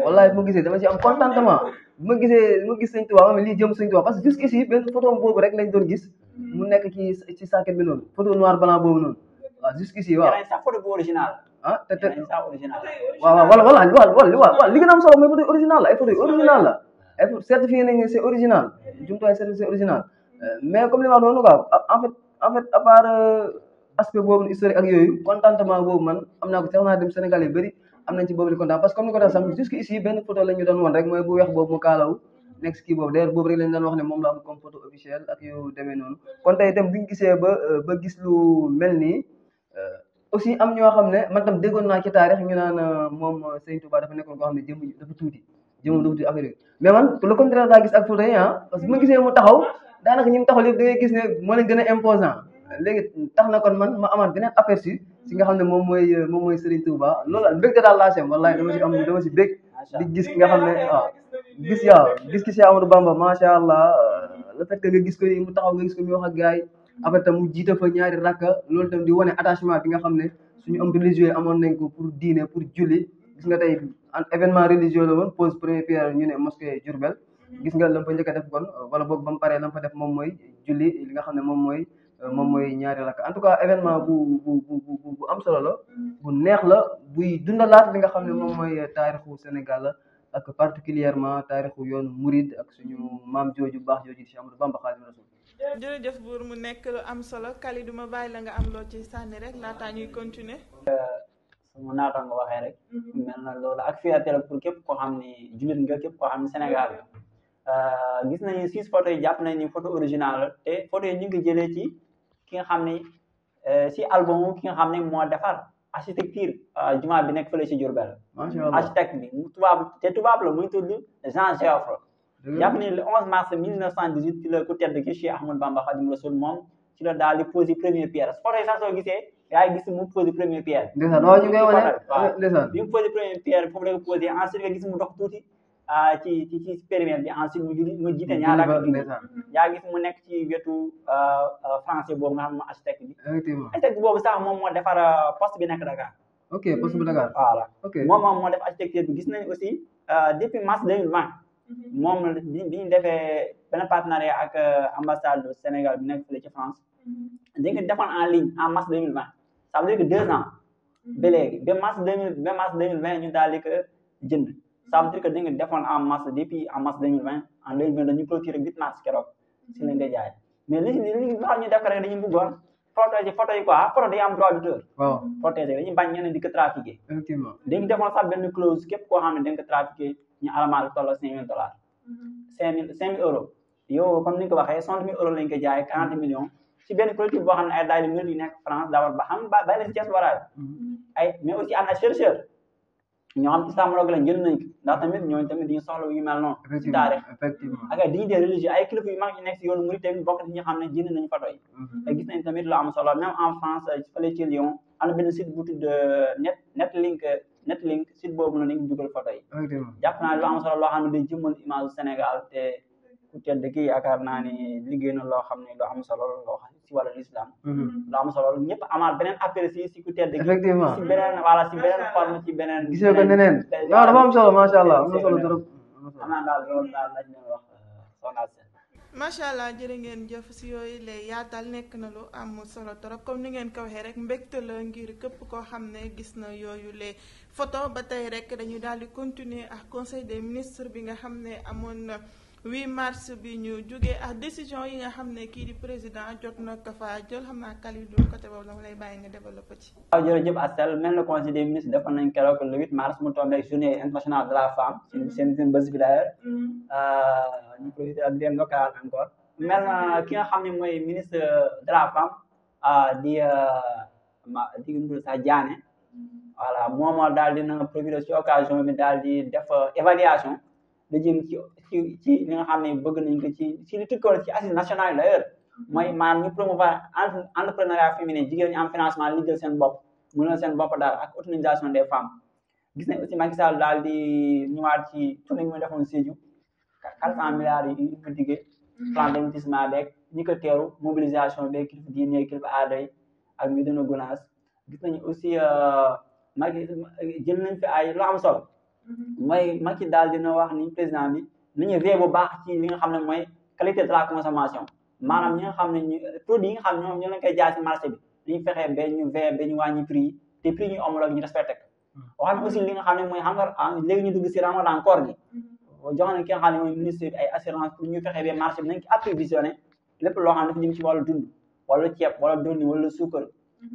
wallaay bu ma gisee dama ci am contentement bu ma gisee bu ma gis sëñ Tuubaa ma lii jëm sëñ Tuubaa parce que jusqu'ici benn photo boobu rek lañ doon gis mu nekk ci ci sàkket bi noonu photo noir blanc boobu noonu waaw jusqu'ici waaw
sax photo ah te te waaw waaw wala
wala wala a certifié nañ ne c'est original jumtuwaay certifié c'est euh, mais comme li ma wax noonu quoi en en fait à euh, aspect boobu historique ak yooyu contentement boobu man am naa ko tax naa dem Sénégal yu bëri am nañ ci boobu li content parce que comme ni ko daan sax ici benn photo la ñu doon woon rek mooy bu weex boobu mu kaalaw nekk si kii boobu d'ailleurs boobu rek lañ doon wax ne moom la am comme photo officielle ak yu demee noonu kon tey itam gisee ba euh, ba gis lu mel nii aussi am ñoo xam ne man tam déggoon naa ci taarix ñu naan moom Sëñ Touba dafa nekkoon koo xam ne jëmm dafa tuuti jëmum dugg ci affaire yi mais man le contraire laa gis ak Fouta yi ah parce que bu ma gisee mu taxaw daanaka ñi mu taxaw yëpp da ngay gis ne moo leen gën a imposant léegi tax na kon man ma amaat beneen aperçu ci nga xam ne moom mooy euh, moom mooy Serigne Touba loolu mbégte daal laa sem wallahi dama si si bég di gis ki nga xam ne waaw ah, gis yaa gis ki si Amadou Bamba macha allah euh, le fait que nga gis ko ni mu taxaw nga gis ko mu wax ak gars yi après tam mu jiite fa ñaari rakka loolu itam di wane attachement bi nga xam ne suñu am religieux amoon nañ ko pour diine pour julli gis nga tey an événement la woon pose première pierre ñu ne mosquée Diourbel mhm. gis nga la fa a def kon wala boog ba paree la def moom mooy julli li nga xam ne moom mooy euh, ñaari rakk en tout cas événement bu bu bu am solo la mhm. bu neex la buy dundalaat li nga xam ne moom mooy taarixu Sénégal la ak particulièrement taarixu yoonu Mouride ak suñu maam jooju baax jooju Cheikh Amadou Bamba Xaadimu a
jërëjëf buur mu nekk lu am solo Kalidou ma bàyyi la nga am
sama naataango waxee rek mhm. mel na loolu ak fierté la pour képp koo xam ne jullit nga képp koo xam ne Sénégal
euh, gis nañu
six photos yi jàpp nañ ni photo original te photo yi ñu ngi ko ci ki nga xam ne euh, si album ki nga xam ne moo defar architecture euh, jumaa bi nekk fële si Diourbel architecte bi tubaab te tubaab la muy tudd Jean Geoffre jàpp ni le onze mars mille neuf cent dix-huit ku tedd ki Cheikh Ahmadou Bamba Khadim Rasoul moom ci la daal di posé première pierre photo yi sax soo gisee yaa ngi gis mu posé première pierre. ndeysaan waaw ñu ngi koy wane ndeysaan bi mu posé première pierre foofu la ko posé ensuite nga gis mu dox tuuti ci ci ci périmètre bi ensuite mu juli mu jiite ñaar ak yaa gis mu nekk ci wetu français boobu nga xam ne architecte bi. effectivement architecte boobu sax moom moo defar poste bi nekk Dakar. ok poste bu Dakar. voilà moom moom moo def architecture bi gis nañu aussi depuis mars 2020. moom bi bi ñu defee benn partenariat ak ambassade du Sénégal bi nekk fële ci France. dañ ko defoon en ligne en mars 2020. ça veut dire que deux ans
mm-hmm. ba léegi
ba mars deux mille ba mars deux mille vingt ñu daal di ko jënd ça veut dire que dañu defoon en mars depuis en mars deux mille vingt en deux mille vingt dañu clôturé huit mars keroog si lañ koy jaay mais li li li ñu def rek dañu bëggoon protéger photo yi quoi ah, photo day am droit d'auteur. waaw protéger dañuy bañ ñeneen di ko trafiqué. effectivement dañu defoon sax benn clause képp koo xam ne dañ ko trafiqué ñu alamaal tolloo cinq mille dollars. Mm-hmm. cinq mille cinq mille euros yow comme ni nga ko waxee cent mille euros lañ ko jaayee quarante millions. ci benn collectif boo xam ne ay daal di mur yi nekk France d'abord ba xam ba bàyyi la si Thiès waral mm-hmm. ay mais aussi am ay chercheur ñoo xam islamologue lañ jënd nañ ko ndax tamit ñooñu tamit dañu soxla yu mel noonu ci taarix ak ay dignité religieux ay kilifa yu mag yu nekk si yoonu murid tamit bokk ci ñi xam ne jënd nañu fa doy mm-hmm. te gis nañ tamit lu am solo même en France euh, fële ci Lyon am na benn site bu tudd euh, net net link euh, net link site boobu noonu dañu fa doy jàpp naa lu am solo loo xam te ku tedd ki yaakaar naa ni liggéey na loo xam ne doo am solo loo xam si mhm. ñëpp amaat beneen apprécié si ku tedd ki effectivement si beneen voilà si beneen gisee ko neneen waaw dafa am solo macha allah euh, allah jërë ngeen jëf si
yooyu yaa yaatal nekk na lu am solo trop comme ni ngeen ko waxee rek mbégte la ngir képp koo xam ne gis na yooyu lay photo ba tey rek dañuy daal di continuer ak conseil de ministre bi nga xam ne amoon na 8 mars bi ñu jógee ak décision yi nga xam ne kii di président jot na ko fa jël xam naa Kalidou côté boobu dama lay bàyyi nga développé ci.
waaw jërëjëf Astel mel na conseil des ministres defoon nañ keroog le 8 mars mu tombé journée internationale de la femme. Mm-hmm. seen seen seen bés bi d'ailleurs. Mm-hmm. Euh, ñu profité ak dem local encore. mel na ki nga xam ne mooy ministre de la femme euh, di euh, ma di Moussa Diané
mm-hmm.
voilà moom daal di na profité ci occasion bi daal di def évaluation. da jëm ci ci ci li nga xam ne bëgg nañ ko ci ci li tukkoon ci assise nationale d'ailleurs
mm-hmm. mooy
maanaam ñu promouvoir entrepreneuriat féminin jigéen ñu am financement liggéey seen bopp mënal sen bopp daal ak autonomisation des femmes gis na aussi Macky Sall daal di ñëwaat ci tournée bi mu defoon Sédhiou quatre cent mm-hmm. milliards yi ñu ko diggee mm-hmm. plan d'investissement beeg ñi ko teeru mobilisation beeg kilifa diine ak ñu dina gonaas gis nañu aussi euh, Macky jël nañ fi ay lu am solo Mm-hmm. mooy Macky daal dina wax ni président bi nañu ree bu baax ci li nga xam ne mooy qualité de la consommation mm-hmm. maanaam ñi nga xam ne ñu produit yi nga xam ne ñoom ñoo leen koy jaay si marché bi dañu fexe ba ñu veillé ba ñu wàññi prix yi te prix ñu homologue ñu respecté ko mm-hmm. wax na aussi li nga xam ne mooy xam nga ah, léegi ñu dugg si ramadan koor gi jox nañ ki nga xam ne mooy ministre bi ay assurance pour ñu fexe ba marché bi nañ ko approvisionné lépp loo xam ne dafa jëm ci wàllu dund wala ceeb wala donni wala suukar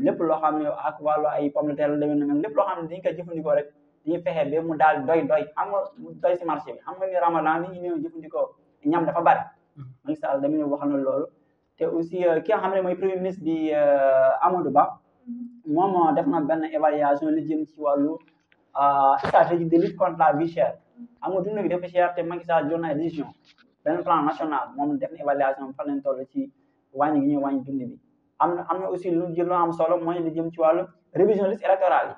lépp loo xam ne ak wàllu ay pomme de terre la demee na lépp loo xam ne dañ koy jëfandikoo rek dañuy fexe ba mu daal doy doy xam nga mu doy si marché bi ma nga ni ramadan li ñu néew jëfandikoo ñam dafa bari mm-hmm. Macky Sall mi ñu wax na loolu te aussi euh, ki nga xam ne mooy premier ministre bi euh, Amadou Ba mm-hmm. moom euh, def na benn évaluation li jëm ci wàllu stratégie de lutte contre la vie chère xam nga dund gi dafa cher te Macky Sall jot na benn plan national moom def na évaluation fan lañ toll ci wàññi gi ñuy wàññi dund bi am na am na aussi lu jëm loo am solo mooy li jëm ci wàllu révision liste yi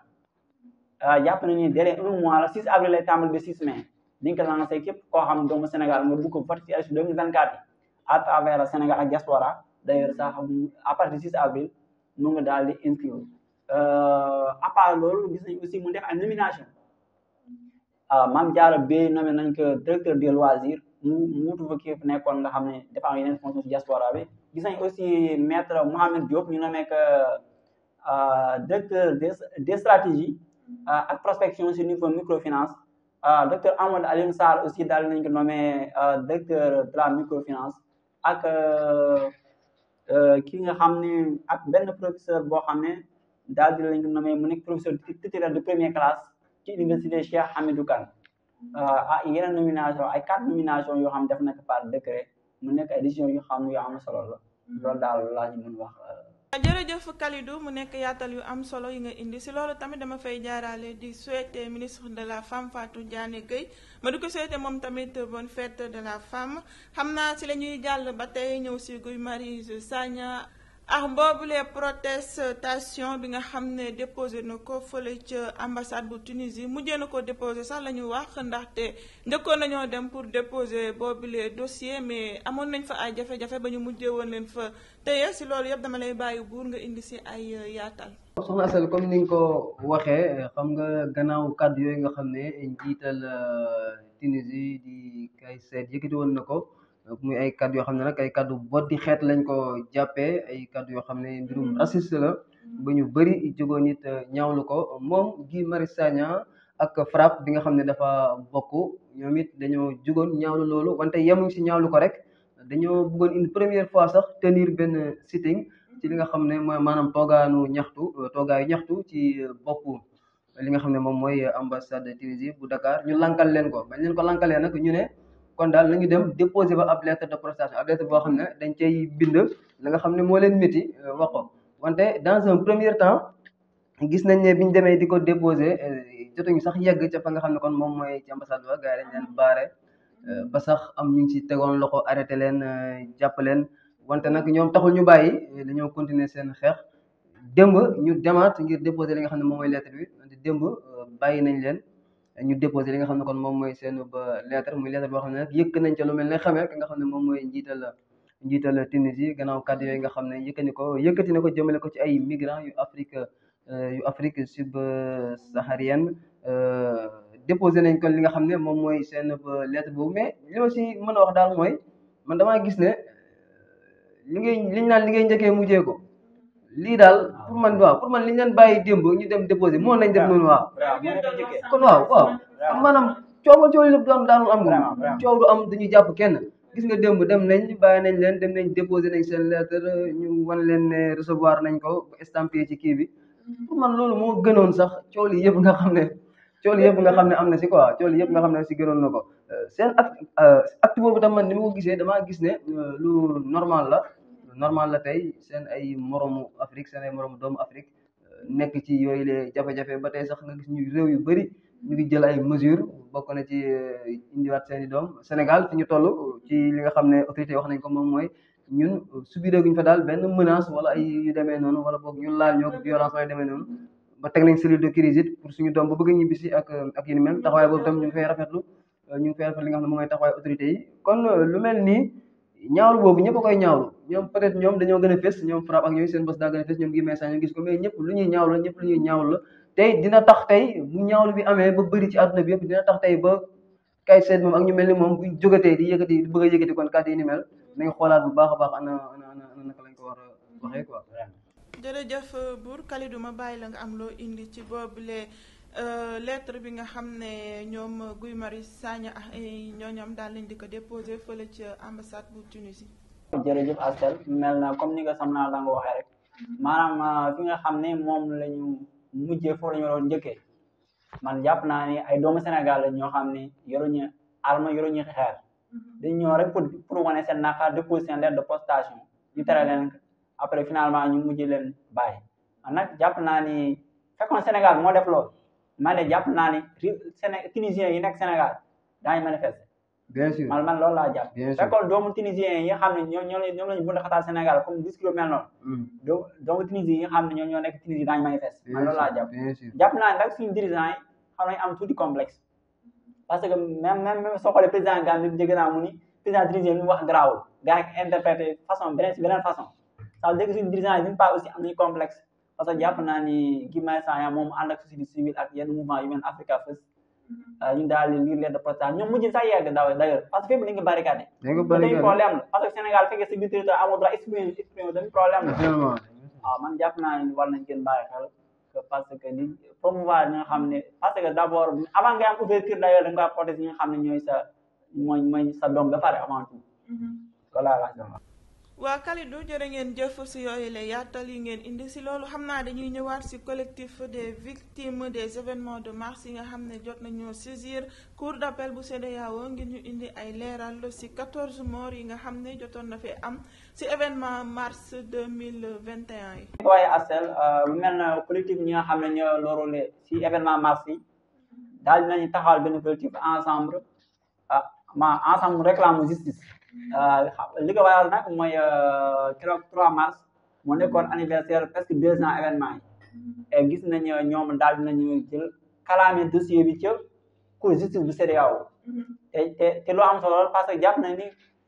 Ah, jàpp nañu ne délai un mois la 6 avril lay tàmbali ba 6 mai ni nga ko koo xam doomu Sénégal nga bëgg ko participer à l'élection 2024 yi à travers Sénégal ak diaspora d'ailleurs sax à partir du 6 avril mu nga daal di inscrire euh, à part loolu gis nañu aussi mu def ay nomination ah, Mame Diarra Bèye nommé nañ ko directeur de loisirs mu mu wutu fa képp nekkoon nga xam ne dépend yeneen fonction si diaspora bi gis nañ aussi maître Mohamed Diop ñu nommé que euh, directeur des des Euh, ak prospection si niko microfinance euh, docteur Amadou Alioune Sarr aussi daal nañ ko nommé euh, directeur de la microfinance ak ki nga xam ni ak benn professeur boo xam ne daal di lañ ko nommé mu nekk professeur titulaire de première classe ci université Cheikh Hamidou Kane ah yeneen nomination ay quatre nomination yoo xam ne def na ko par décret mu nekk ay décision yu xam ne yoo am solo la loolu daal laa ci wax
jërëjëf Kalidou mu nekk yaatal yu am solo yi nga indi si loolu tamit dama fay jaarale di souhaiter ministre de la femme Fatou Diané Gueye ma du ko souhaiter moom tamit bonne fête de la femme xam naa si la ñuy jàll ba tey ñëw si Guy Marius Sagna ah boobulee protestation bi nga xam ne déposé no ko fële ca ambassade bu Tunisie mujjee na ko déposé sax la ñu wax ndaxte njëkkoon nañoo dem pour déposer boobulee dossier mais amoon nañ fa ay jafe-jafe ba ñu mujjee woon leen fa teye si loolu yëpp dama lay bàyyi buur nga indi si ay euh, yaatal.
soxna Asel comme niñ ko waxee xam nga gannaaw kàddu yooyu nga xam ne njiital euh, Tunisie di kay seet yëkkati woon na ko. muy ay kaddu yoo xam ne nag ay kaddu boddi xeet lañ ko jàppee ay kaddu yoo xam ne mbirum mm-hmm. raciste la ba ñu bëri jugoon it euh, ñaawlu ko moom Guy Marius Sagna ak FRAPP bi nga xam ne dafa bokk ñoom it dañoo jógoon ñaawlu loolu wante yemuñ si ñaawlu ko rek dañoo bëggoon une première fois sax tenir benn sitting ci li nga xam ne mooy maanaam toogaanu ñaxtu euh, toogaayu ñaxtu ci euh, bopp li nga xam ne moom mooy ambassade de Tunisie bu Dakar ñu lankal leen ko bañ leen ko lankalee nag ñu ne kon daal nañu dem déposé ba ab lettre de protestation ab lettre boo xam ne dañ cay bind la nga xam ne moo leen métti euh, wax ko wante dans un premier temps gis nañ ne bi ñu demee di ko déposé euh, jotuñu sax yegg ca fa nga xam ne kon moom mooy ci ambassade ba gars yi dañ leen baare euh, ba sax am ñu ngi ci tegoon loxo arrêté leen jàpp leen wante nag ñoom taxul ñu bàyyi dañoo continuer seen xeex démb ñu demaat ngir déposé li nga xam ne moom mooy lettre bi wante démb bàyyi nañ leen ñu déposé li nga xam ne kon moom mooy seenu ba lettre muy lettre boo xam ne nag yëkk nañ ca lu mel ne xamee ki nga xam ne moom mooy njiital njiital Tunisie gannaaw ne yëkkati ko yëkkati na ko jëmale ko ci ay migrants yu Afrique euh, yu Afrique subsaharienne euh, déposé nañ kon li nga xam ne moom mooy seen lettre boobu mais li si mën a wax daal mooy man damaa gis ne euh, li ngay liñ li ngay njëkkee mujjee ko lii daal pour man waaw pour man li ñu leen bàyyi démb ñu dem déposé moo nañ def noonu waaw. kon waaw waaw maanaam coow ma coow lépp am daanu coow du am dañuy jàpp kenn. gis nga démb dem nañ bàyyi nañ leen dem nañ déposé nañ seen lettre ñu wan leen ne recevoir nañ ko estampé ci kii bi. pour man loolu moo gënoon sax coow li yëpp nga xam ne coow li yëpp nga xam ne am na si quoi coow li yëpp nga xam ne si gënoon na ko. Euh, seen acte euh, acte boobu tam man ni ma ko gisee damaa gis ne euh, lu normal la. normal la tey seen ay moromu Afrique seen ay moromu doomu Afrique euh, nekk ci yooyu le jafe-jafe ba tey sax nga gis ñu réew yu bëri ñu ngi jël ay mesure bokk na ci euh, indiwaat seen i doom Sénégal fi ñu toll ci li nga xam ne autorité wax nañ ko moom mooy ñun subiré guñ fa daal benn menace wala ay yu demee noonu wala boog ñun laal ñoo violence lay demee noonu ba teg nañ cellule de crise it pour suñu doom ba bëgg ñibbi si ak ak yéen mel taxawaay boobu tam ñu ngi fay rafetlu euh, ñu ngi fay li nga xam ne moom mooy taxawaay autorité yi kon lu ñaawlu boobu ñëpp a koy ñaawlu ñoom peut être ñoom dañoo gën a fés ñoom frapp ak yooyu seen bës daa gën a fés ñoom ngi message ñu gis ko ñëpp lu ñuy ñaawlu la ñëpp lu ñuy ñaawlu la tey dina tax tey bu ñaawlu bi amee ba bëri ci àdduna bi yëpp dina tax tey ba kay seet moom ak ñu mel ni moom buñ jógatee di yëkkati di bëgg a yëkkati kon kàddu yi ni xoolaat bu baax a baax ana ana naka lañ ko war a waxee quoi
ma bàyyi la nga am loo indi ci boobule Euh, lettre bi nga xam ne ñoom Guy Marius Sagna ak ay ñooñam daal lañ di ko déposé fële ci ambassade bu Tunisie.
jërëjëf Astel mel na comme ni nga xam naa la nga waxee rek maanaam euh, fi nga xam ne moom lañu mujjee foofu la ñu man jàpp naa ni ay doomu Sénégal la ñoo xam ne yoruñu arme yoruñu xeer dañ ñëw rek pour pour wane seen naqar déposé de postation ñu tere leen après finalement ñu mujj leen bàyyi man jàpp naa ni fekkoon Sénégal moo def loolu. man de jàpp naa ne Séné tunisiens yi nekk Sénégal daañu manifester. bien sûr man man loolu laa jàpp. bien sûr fekkoon doomu tunisiens yi nga xam ne ñoo ñoo ñoom lañu bund xataal Sénégal comme discours mel noonu. Mm. doo doomu tunisiens yi nga xam ne ñoo ñoo nekk Tunisie daañu manifester. man loolu laa jàpp jàpp naa ne nag suñu dirigeants yi xam nañu am tuuti complexe. parce que même même même soo xoolee président Gambie bi dégg naa mu ni président tunisien lu mu wax garaawul gars yi interprété façon beneen beneen façon ça veut dire que suñu dirigeants yi d'une part aussi am nañu complexe. parce que jàpp naa ni Guy Marius Sagna moom ànd ak société civile ak yenn mouvement yu mel Africa First
ñu mm-hmm.
ah, daal di lire lettre de protestation mujj sax yegg daaw d'ailleurs parce que fépp dañu ko problème la parce que Sénégal fekkee si biir territoire amul ah, droit exprimer exprimer dañu problème la waaw ah, man jàpp naa ni war nañ gën bàyyi xel parce que di promouvoir xam ne parce que d' abord avant ngay am ouverture nga koy protéger ñi xam ne ñooy sa mooy mooy sa tout voilà la
waa Kalidou jërë ngeen jëf si yooyu le yaatal yi ngeen indi si loolu xam naa dañuy ñëwaat si collectif des victimes des événements de mars yi nga xam ne jot nañoo saisir cour d'appel bu CEDEAO ngir ñu indi ay leeral si 14 morts yi nga xam ne jotoon na fi am si événement mars 2021 yi.
waaye Asel lu euh, mel na ñi nga xam ne ñoo lorule si événement mars yi daal dinañu taxawal benn collectif ensemble ah ma ensemble réclame justice. li ko waral nag mooy keroog 3 mars mu nekkoon anniversaire presque deux ans événement yi
mm-hmm.
eh, gis nañ ñoom daal nañu jël kalaame dossier bi ca cour justice bu CEDEAO
mm-hmm.
te te loo am solo parce que jàpp nañ ni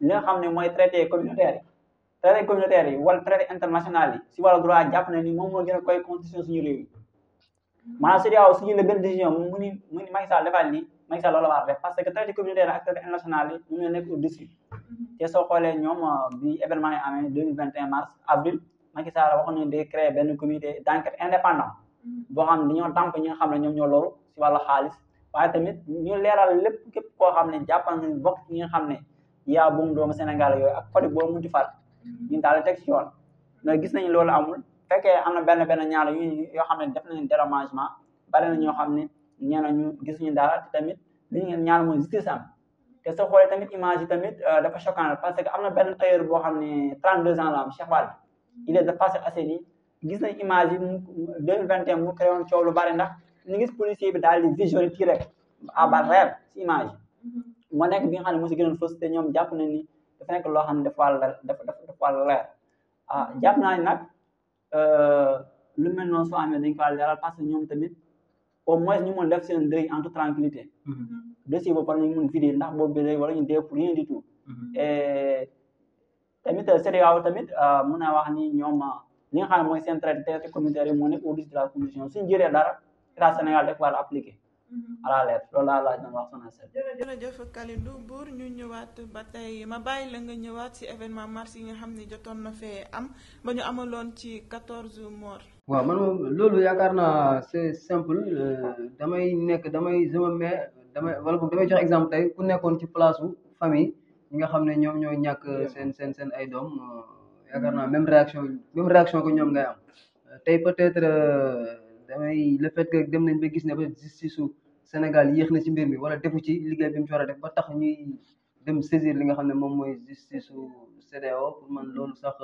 li nga ne mooy traité communautaire yi traité communautaire yi wala traité international yi si wàllu droit jàpp nañ ni moom moo gën a koy constitution suñu réew yi mm-hmm. maanaam CEDEAO suñu la benn décision mu ni mu ni Macky Sall defal ni Macky Sall loolu la war parce que traité communautaire ak traité international yi ñu ngi nekk au dessus mhm. soo xoolee ñoom euh, bi événement yi amee deux mille vingt et un mars avril Macky Sall waxoon nañu day créer benn comité d' enquête indépendant mhm. boo xam ne dañoo tànk ñi nga xam ne ñoom ñoo loru si wàllu xaalis waaye tamit ñu leeral lépp képp koo xam ne jàppal nga bokk ñi nga xam ne yaa buum doomu Sénégal yooyu ak côté boobu munti far mhm. ñun daal teg si yoon mais gis nañ loolu amul fekkee benn benn ñaar yoo xam ne def nañ dérangement bari na ñoo xam ne ñeneen ñu gis ñi te tamit li ñu ñaan mooy justice am te soo tamit image tamit euh, dafa choquant parce que am na benn tailleur boo xam ne 32 ans la am Cheikh Wade il est de Parcelles Assainies gis nañ image yi mu 2021 mu créé woon coow lu bari ndax ñu gis policier bi daal di visionné tiré à bal si image moo nekk bi nga xam ne moo si gënoon fës ñoom jàpp na ni dafa nekk loo xam ne dafa dafa dafa leer ah jàpp naa ni nag euh, lu mel noonu soo amee dañ ko leeral parce que ñoom tamit. au moins ñu mën def seen deuil en toute tranquillité mm-hmm. dossier boobu war nañu mën vider ndax boobu bi wala ñu dee pour rien du tout mm-hmm. et tamit euh, CEDEAO tamit euh, mën naa wax ni ñoom euh, li nga xam ne mooy seen traité communautaire yi moo nekk au de la commission suñu jëlee dara état Sénégal daf war appliquer mm-hmm. à la lettre loolu laa laaj na wax sama seet
jërëjëf la nga ñëwaat si événement mars yi nga xam ne jotoon na fee am ba ñu amaloon ci quatorze morts
waaw man moom loolu yaakaar naa c'est simple euh, damay nekk damay je me mets damay damay jox exemple tey ku nekkoon ci place u famille ñi nga xam ne ñoom ñoo ñàkk seen seen seen ay doom euh, yaakaar naa même réaction ko ñoom ngay am tey peut-être euh, damay le fait que dem nañ ba gis ne ba justice su Sénégal yéex na ci mbir mi wala defu ci liggéey bi mu ci a def ba tax ñuy dem saisir li nga xam ne moom mooy justice su CEDEAO pour man loolu sax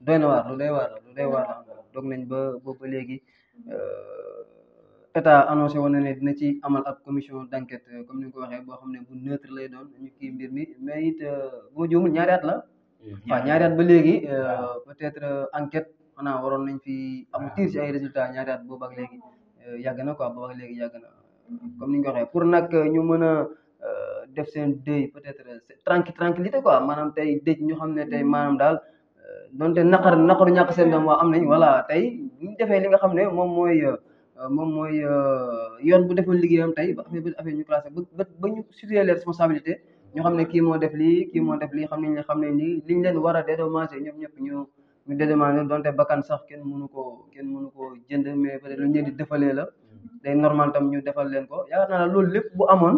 doy na waar lu doy waar lu doy waar la doog nañ ba ba léegi euh, état annoncé woon na ne dina ci amal ab commission d' enquête euh, comme ni nga ko waxee boo xam ne bu neutre lay doon ñu kii mbir mi mais it euh, boo juumul ñaari la.
Mm-hmm. waaw ñaari at ba léegi
peut être enquête xanaa waroon nañ fi am tiir si ay résultats ñaari at boobu ak léegi yàgg na quoi boobu ak léegi yàgg na comme ni nga ko pour nag ñu mën a def seen deuil peut être tranquillité quoi maanaam tey dëj ñu xam ne tey maanaam daal. donte naqar naqaru ñàkk seen doom waa am nañ voilà tey ñu defee li nga xam ne moom mooy euh, moom mooy euh, yoon bu defoon liggéeyam tey ba affaire bi affaire ñu classé ba ba ñu situé xam ne kii moo def lii kii moo def lii xam ne nañ xam ne nii liñ leen war a dédommagé ñoom ñëp ñu ñu dédommagé donte bakkan sax kenn mënu koo kenn mënu koo jënd mais peut-être lu di defalee la mm-hmm. day normal tam ñu defal leen ko yaakaar naa la loolu lépp bu amoon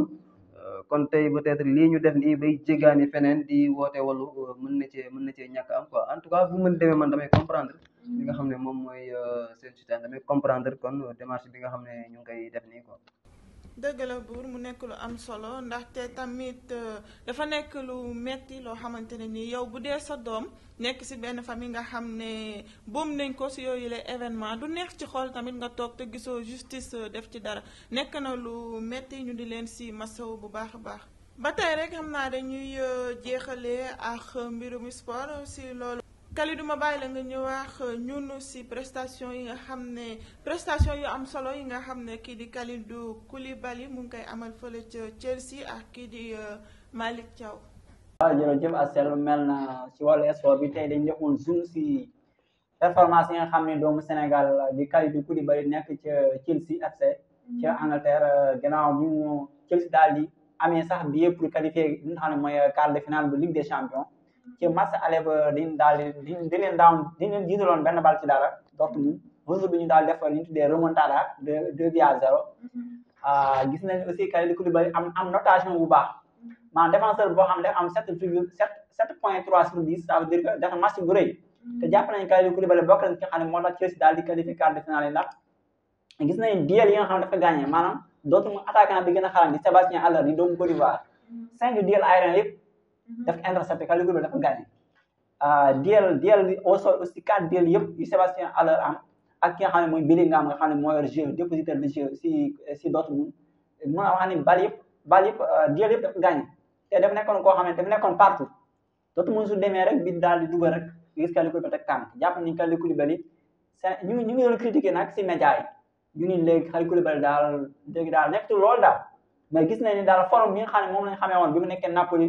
kon tey peut-être lii ñu def nii bay jéggaani feneen di woote wolo euh, mën na cee mën na cee ñàkk am en tout cas bu mën demee man damay comprendre li nga xam ne moom mooy euh, seen soutien damay comprendre kon euh, démarche bi nga xam ne ñu ngi koy def nii quoi
dëgg la buur mu nekk lu am solo ndax ndaxte tamit euh, dafa nekk lu metti loo xamante ne nii yow bu dee sa doom nekk ci benn famille nga xam ne boom nañ ko ci yooyu les événement du neex ci xool tamit nga toog te gisoo justice euh, def ci dara nekk na lu metti ñu di leen ci masaw bu baax a baax ba tey rek xam naa dañuy euh, jeexalee ak mbirum sport si loolu Kalidou ma bàyyi la nga ñu euh, ñun si prestation yi nga xam ne prestation yu am solo yi nga xam ne kii di Kalidou Koulibaly mu ngi koy amal fële ca Chelsea ak kii di euh, Malick Thiaw.
waaw jërëjëf mel na ci wàllu sport bi tey dañ defoon zoom si performance yi nga xam ne doomu Sénégal di Kalidou Koulibaly nekk ca Chelsea FC. ca mm-hmm. Angleterre euh, gannaaw bi mu Chelsea daal di amee sax billet pour qualifier li nga mooy quart de finale bu Ligue des Champions. ci match aller ba eh, dañu daal di di leen daan di leen jiitaloon benn bal ci dara Dortmund retour bi ñu daal def li ñu tuddee remontada de deux bi à zéro mhm. ah, gis nañ aussi Kalidou Koulibaly am am notation bu baax maanaam défenseur boo xam ne am sept virgule sept sept point trois sur dix ça veut dire que dafa match bu rëy te mhm. jàpp nañ Kalidou Koulibaly bokk nañ ci xam ne moo tax Chelsea daal di qualifié quart de finale yi gis nañ duel yi nga xam ne dafa gagné maanaam Dortmund attaquant bi gën a xarañ di mhm. yëpp Mm-hmm. daf intercepté ka Liverpool dafa gagné ah, duel duel au aussi quatre duel yëpp yu Sébastien Haller am ak ki nga xam ne mooy Bellingham nga xam mooy yor jeu dépositaire de jeu si a wax ne bal yëpp bal yëpp ah, duel yëpp dafa gagné te dafa nekkoon koo xam ne dafa nekkoon partout Dortmund su demee rek bi daal di dugal rek gis ka Liverpool teg tànk jàpp ni ka Liverpool ñu ñu ngi si média yi ñu ni léegi xay Koulibaly daal léegi daal nekk loolu daal mais gis nañ ne daal forme bi nga moom lañ xamee woon bi mu nekkee Napoli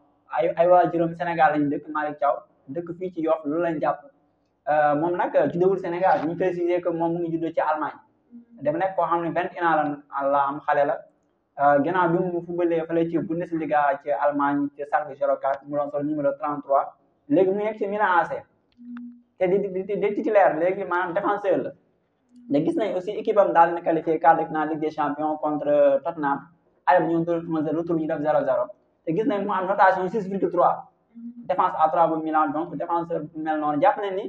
ay ay waa juróom Sénégal lañ dëkk Malick Thiaw dëkk fii ci Yoff loolu lañ jàpp euh, moom nag juddewul Sénégal ñu préciser que moom mu ngi juddoo ci Allemagne
mm-hmm.
dafa nekk koo xam ne vingt et un la am xale la euh, ginnaaw bi mu fubalee fële ci Bundesliga ci Allemagne ci Schalke 04 mu doon sol numéro 33 léegi mu nekk ci Milan AC mm-hmm. te di di di titulaire léegi maanaam défenseur la da gis nañ aussi équipe am daal na qualifié quart de finale Ligue des champions contre Tottenham ale bu ñu retour ñu def zéro zéro te gis nañ mu am notation six virgule trois
mm-hmm. défense
à trois bu Milan donc défenseur bu mel noonu jàpp nañ ni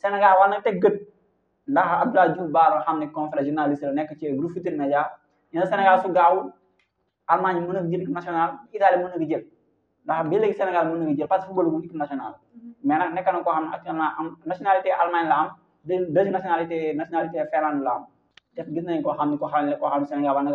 Sénégal war na teg gët ndax Abdoulaye Diouf Baar xam ne confrère journaliste nekk ci groupe Futurs Médias ñene Sénégal su gaawul Allemagne mën na jël équipe nationale mën na jël ndax bi léegi Sénégal mën na jël parce que football bu équipe nationale mm-hmm. nekk na koo xam ne actuellement am nationalité Allemagne la am deux nationalité nationalité Finlande la am def gis nañ koo xam ne koo xam ne koo xam ne Sénégal war na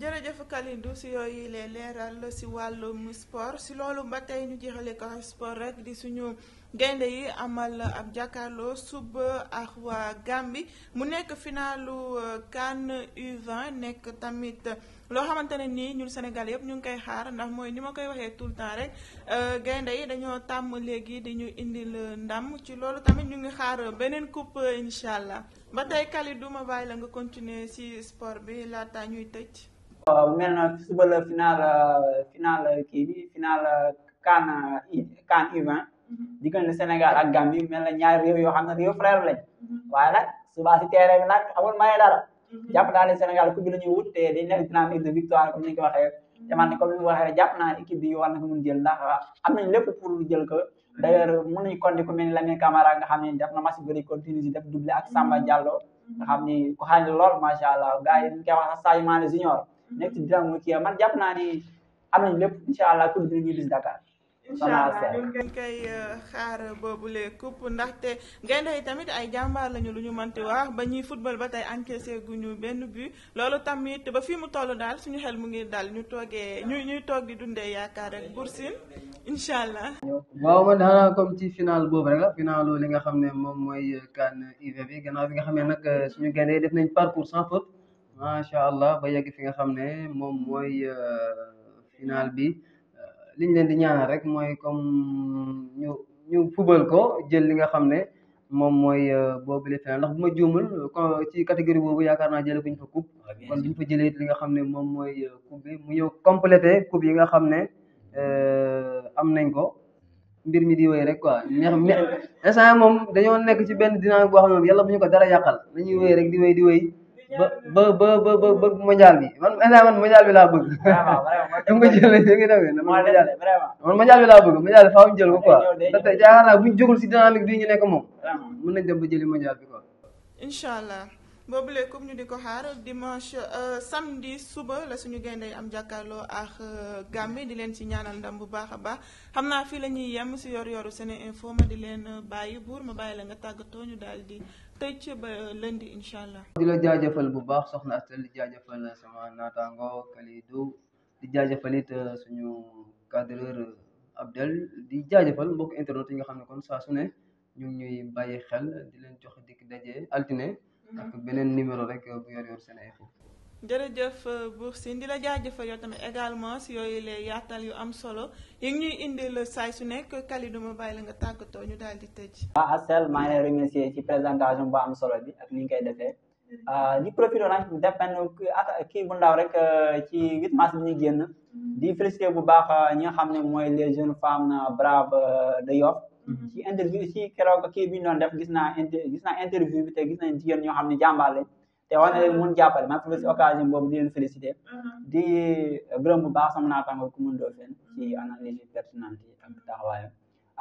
jërëjëf Kalidou si yooyu lay leeral si wàllum sport si loolu ba tey ñu jeexale ko sport rek di suñu gaynde yi amal ab jàkkaarloo suba ak waa Gàmbi mu nekk finalu euh, CAN U20 nekk tamit loo xamante ne nii ñun Sénégal yëpp ñu ngi koy xaar ndax mooy ni ma koy waxee tout le temps rek euh, gaynde yi dañoo tàmm léegi di ñu indil ndam ci loolu tamit ñu ngi xaar beneen coupe incha allah ba tey Kalidou ma bàyyi la nga continuer si sport bi laata ñuy tëj.
mel na suba la final final kii bi final CAN CAN U20 mhm. diggante Sénégal ak Gambie mel na ñaari réew yoo xam ne réew frère lañ mhm. waaye nag suba si terrain bi nag amul maye dara mhm. jàpp naa Sénégal coupe bi la ñuy wut te nekk dynamique de victoire comme ni ñu ko naa ne équipe na mun jël ndax am nañ lépp pour jël ko d'ailleurs mën nañu compter ku mel ni Lamine nga xam ne def na match bëri continue si def doublé ak Samba Diallo nga xam ku xañ lool macha allah gars yi ñu wax sax Sadio Mané nekk ci dynamique mu kii man jàpp naa ni am nañu lépp incha allah ku dugg ñu bis Dakar. incha allah ñu
ngi koy euh, xaar boobule coupe ndaxte gaynde yi tamit ay jàmbaar lañu lu ñu mënti wax ba ñuy football ba tey encaissé ñu benn bi loolu tamit ba fii mu toll daal suñu xel mu ngi dal ñu toogee ñu ñuy toog di dundee yaakaar rek Bour Sine incha allah. waaw
man ci final boobu rek la finalu li nga xam ne moom mooy CAN UV bi gannaaw bi nga xam ne nag euh, suñu gaynde yi def nañ parcours sans faute. macha allah ba yegg fi nga xam ne moom mooy euh, final bi euh, liñ leen di ñaanal rek mooy comme ñu ñu fubal ko jël li nga xam ne moom mooy euh, boobu la final ndax bu ma juumul ci catégorie boobu yaakaar naa jëlee ko ñu fa coupe ah, kon jëlee li nga xam ne moom mooy coupe bi mu ñëw complété coupe yi nga xam ne am nañ ko. mbir mi di wéy rek quoi neex neex instant moom dañoo nekk ci benn dynamique boo xam ne yàlla bu ñu ko dara yàqal nañuy wéy rek di wéy di wéy ba ba ba ba bëgg mondial bi man instant bi laa bëgg. vraiment nga jël léegi nga demee. man bi laa bëgg mondial bi faaw ñu jël ko quoi. te tey bu ñu si dynamique bii ñu nekk moom. mën nañ dem ba jëli mondial bi quoi.
incha allah. boobule comme ñu di ko xaar dimanche euh, samedi suba la suñu gaynde am jàkkaarloo ak euh, gàmmi di leen ci ñaanal ndam bu baax a baax xam naa fii la ñuy yem si yor yoru sene info ma di leen euh, bàyyi buur ma bàyyi la nga tàggatoo ñu daal di tëj ba lundi incha allah. di la jaajëfal
bu baax soxna Astel di jaajëfal sama naataango Kalidou di jaajëfal it suñu cadreur Abdel di jaajëfal mbokk internet yi nga xam ne kon saa su ne ñu ñuy bàyyi xel di leen jox dikk daje altine. ak mhm. beneen numéro rek bu yor yor seen ay
jërëjëf Bour Sine di la jaajëfal yoo tamit également si yooyu lay yaatal yu am solo yi ngi ñuy indil saay su nekk Kalidou ma bàyyi la nga tàggatoo ñu daal di tëj.
waaw ah, Asel maa ngi lay remercier ci présentation bu am solo bi ak ni ñu koy defee ah, di profité nag def benn kii bu ndaw rek euh, ci 8 mars ñu génn mhm. di félicité bu baax euh, ñi nga xam ne mooy les jeunes femmes euh, braves de Yoff. Mm-hmm. ci interview ci keroog kii bi ñu def gis naa inter gis naa interview bi te gis na jigéen ñoo xam ne jàmbaar lañ te war na leen mun jàppale maa ngi si occasion boobu di leen félicité mm-hmm. di uh, gërëm bu baax sama naataango ku mun doo fen ci mm-hmm. analyse pertinente yi ak taxawaayam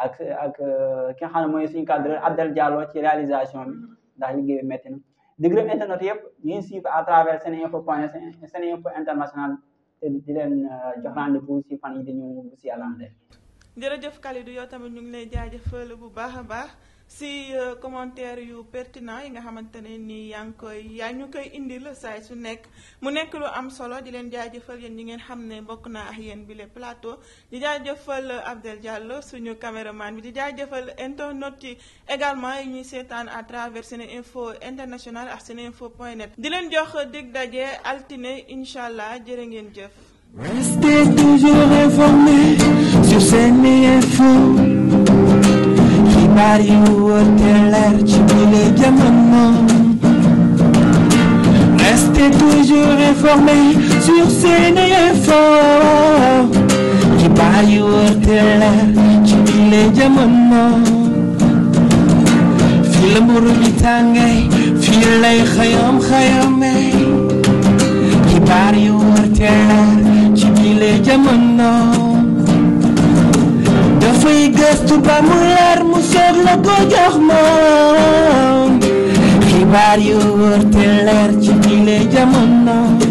ak ak uh, ki nga xam ne mooy suñu cadre ci réalisation bi ndax liggéey bi métti na di gërëm internet yëpp ñu ngi suivre à travers seneinfo point international te di leen uh, jox rendez-vous si fan yi di ñëw si àllande
jërëjëf Kalidou yow tamit ñu ngi lay jaajëfal bu baax a baax si euh, commentaire yu pertinent yi nga xamante ne nii yaa ngi koy yaa ñu koy indi indil saay su nekk mu nekk lu am solo di leen jaajëfal yéen ñi ngeen xam ne bokk naa ak yéen bi le plateau di jëfal Abdel Diallo suñu caméraman bi di jaajëfal internautes yi également yi ñuy seetaan à travers seen info international ak seen info point net di leen jox dig daje altine incha allah jërë ngeen jëf.
neefoo xibaar yu wóor te leer ci bile jamono restez toujours informés sur SeneInfo xibaar yu wóor te leer ci bile jamono fii la mburu bi tàngee fii lay xayam xayamee xibaar yu wóor te leer ci bile jamono dafay gëstu ba mu leer mu soog la ko jox moom xibaar yu wër te leer ci bile jamono